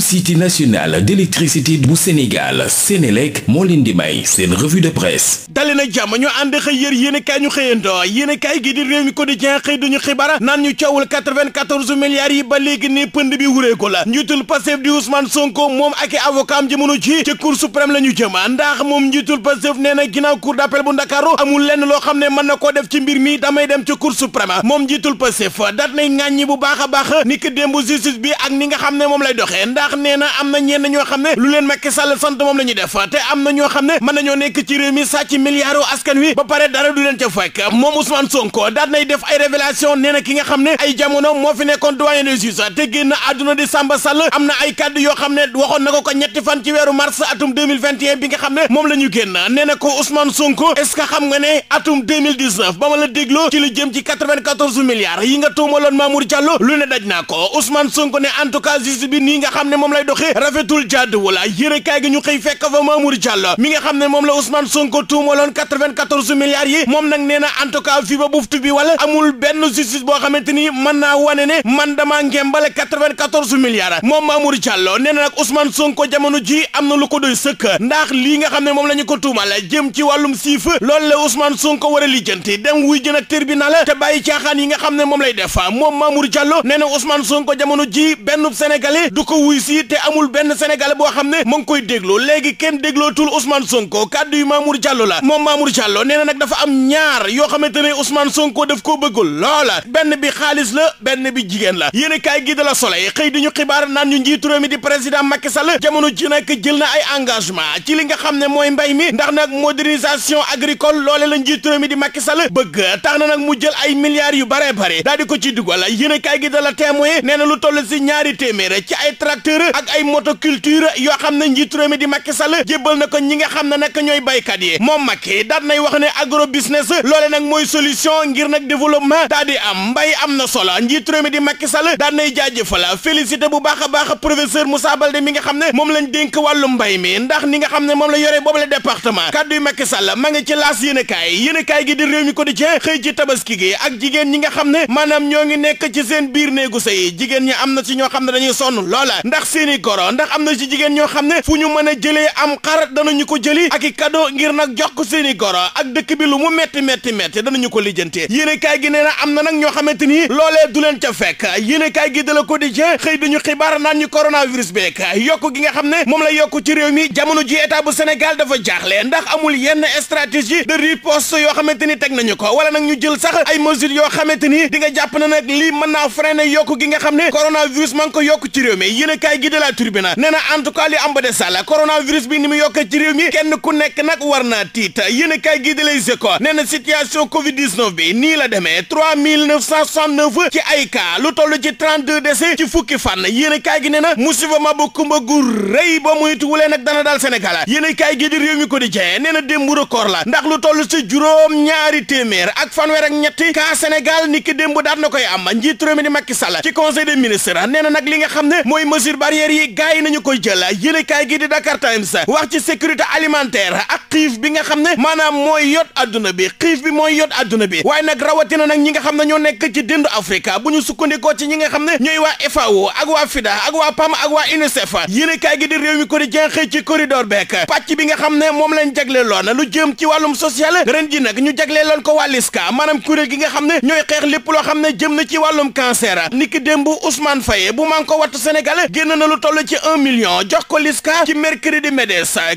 société nationale d'électricité bu Sénégal Sénélec moo leen di may seen revue de presse dali na jàmm ñu ànd xëy yër yéen i kaay ñu xëyandoo yéen i kaay gi di réew mi quotidien xëy duñu xibara naan ñu coowul 94 yi ba léegi ne pënd bi wureeku la njiitul Pastef di Ousmane Sonko moom ak i avocat am jëmono ci ca cour suprême la ñu ndax moom njiitul Pastef nee na ginnaaw d'appel bu Ndakaaru amul lenn loo xam ne mën na koo def ci mbir mi damay dem ca cour suprême moom njiitul Pastef a xam ne moom lay doxee ndax nee na am na ñenn ñoo ki nga xam ne ay jamono moo fi nekkoon doyen des te génn àdduna di Samba Sall am na ay kàddu yoo xam ne waxoon na ko ñetti fan ci weeru mars atum 2021 bi nga ci lu jëm ci 94 yi nga tuumaloon Mamour Diallo lu ne daj naa ko Ousmane Sonko ne en tout bi nii nga xam xam ne moom lay doxee rafetul jàdd wala yérekaay gi ñu xëy fekk fa Mamour Diallo mi nga xam ne moom la Ousmane Sonko tuumaloon 94 milliards yi moom nag nee na en tout cas fii ba buftu bi wala amul benn justice boo xamante ni mën naa wane ne man damaa ngembale 94 milliards moom Mamour Diallo nee na nag Ousmane Sonko jamono ji am na lu ko doy sëkk ndax lii nga xam ne moom la ñu ko tuumal jëm ci wàllum siif loolu la Ousmane Sonko war a lijjanti dem wuy jën ak tribunal te bàyyi caaxaan yi nga xam ne moom lay def moom Mamour Diallo nee na Ousmane Sonko jamono ji benn Sénégalais du ko wuy ruus yi te amul benn sénégalais boo xam ne mu ngi koy dégloo léegi kenn déglootul Ousmane Sonko kaddu yu Mamour Diallo la moom Mamour Diallo nee na nag dafa am ñaar yoo xamante ne Ousmane Sonko daf koo bëggul la benn bi xaalis la benn bi jigéen la yéen a kaay gi de la Soleil xëy di ñu xibaar naan ñu njiitu réew mi di président Macky Sall jamono ji nag jël na ay engagement ci li nga xam ne mooy mbay mi ndax nag modernisation agricole loole la njiitu mi di Macky Sall bëgg tax na nag mu jël ay milliards yu bare bare daal di ko ci dugal yéen a kaay nee na lu toll si ñaari téeméer ci ay tracteur tracteur ak ay motoculture yoo xam ne njiitu réew mi di Macky Sall jébbal na ko ñi nga xam ne nag ñooy baykat yi moom Macky daat nay wax ne agro business loole nag mooy solution ngir nag développement daa di am mbay am na solo njiitu réew mi di Macky daat nay jaajëfal félicité bu baax a baax professeur Moussa Baldé mi nga xam ne moom lañ dénk wàllu mbay mi ndax ni nga xam ne moom la yore boobu la département kaddu yu Macky Sall ma ngi ci laas yéenekaay yéenekaay gi di réew mi quotidien xëy ci tabaski gi ak jigéen ñi nga xam ne maanaam ñoo ngi nekk ci seen biir néegu sëy jigéen ñi am na ci ñoo xam ne dañuy sonn loola ndax seeni goro ndax am na ci jigéen ñoo xam ne fu ñu mën a jëlee am xar danañu ko jëli ak i cadeau ngir nag jox ko seeni goro ak dëkk bi lu mu metti metti metti danañu ko lijjante yéene kaay gi nee na am na nag ñoo xamante ni loolee du leen ca fekk yéene kaay gi dala ko di jë xëy dañu xibaar naan ñu coronavirus beek yokk gi nga xam ne moom la yokk ci réew mi jamono ji état bu Sénégal dafa jaaxle ndax amul yenn stratégie de riposte yoo xamante ni teg nañu ko wala nag ñu jël sax ay mesures yoo xamante ni di nga jàpp na nag lii mën naa freiner yokk gi nga xam ne coronavirus ma ngi ko yokk ci réew mi kaay gi de la Tribune nee na en tout cas li am ba bi ni mu yokkee mi kenn ku nekk nag war naa tiit yéen a kaay gi de Les Échos nee na situation Covid 19 bi nii la demee ci ay cas lu toll ci 32 décès ci fukki fan yéen a kaay gi nee na musiba ma bu kumba gu rëy ba muytuwulee nag dana daal Sénégal yéen a kaay gi di réew mi ko di jee nee na démb record la ndax lu toll ci juróom-ñaari téeméer ak fanweer ak ñetti cas na koy am mesures barrières yi gars yi nañu koy jël yéenekaay gi di Dakar Times wax ci sécurité alimentaire ak xiif bi nga xam ne maanaam mooy yot adduna bi xiif bi mooy yot adduna bi waaye nag rawatina nag ñi nga xam ne ñoo nekk ci déndu Afrique bu ñu sukkandikoo ci ñi nga xam ne ñooy waa FAO ak waa FIDA ak waa PAM ak waa UNICEF yéenekaay gi di réew mi quotidien xëy ci corridor beek pàcc bi nga xam ne moom lañ jagleeloon lu jëm ci wàllum social ren ji nag ñu jagleeloon ko waa LISCA maanaam kuréel gi nga xam ne ñooy xeex lépp loo xam ne jëm na ci wàllum cancer niki démb Ousmane Faye bu man ko wattu Sénégal génn na lu toll ci un million jox ko Liska ci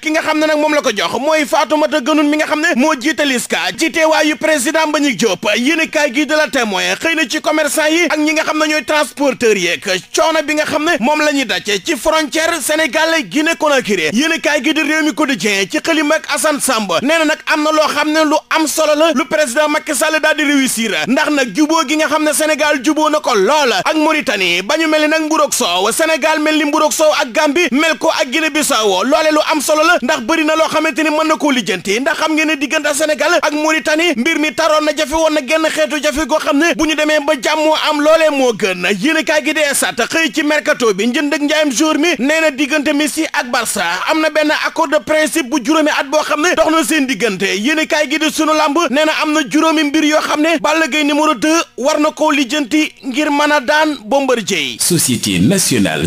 ki nga xam ne nag moom la ko jox mooy Fatoumata Gënun mi nga xam ne moo jiite Liska ci teewaayu président Mbagnick Diop yéenekaay gi de la Témoin xëy na ci commerçant yi nga xam ne ñooy transporteurs yeeg coono bi nga xam ne moom la ñuy daje ci frontière Sénégal Guinée Conakry yéenekaay gi di Rewmi Quotidien ci xëlim ak Assane Samb nee na nag am na loo xam ne lu am solo la lu président Macky Sall daal di réussir ndax nag juboo gi nga xam ne Sénégal juboo na ko lool ak Mauritanie ba ñu mel ni nag mburoog soow Sénégal Sénégal mel ni mburoog soow ak Gambie mel ko ak Guinée Bissau loole lu am solo la ndax bëri na loo xamante ni mën na koo lijjanti ndax xam ngeen ne digganta Sénégal ak Mauritanie mbir mi taroon na jafe woon na genn xeetu jafe goo xam ne bu ñu demee ba jàmmoo am loole moo gën yéen a kaay gi dee sat xëy ci mercato bi njënd ak njaayam jour mi nee na diggante Messi ak Barça am na benn accord de principe bu juróomi at boo xam ne dox na seen diggante yéen a kaay gi di sunu nee na am na juróomi mbir yoo xam ne Balla Gaye numéro 2 war na koo lijjanti ngir mën a daan Bombardier société nationale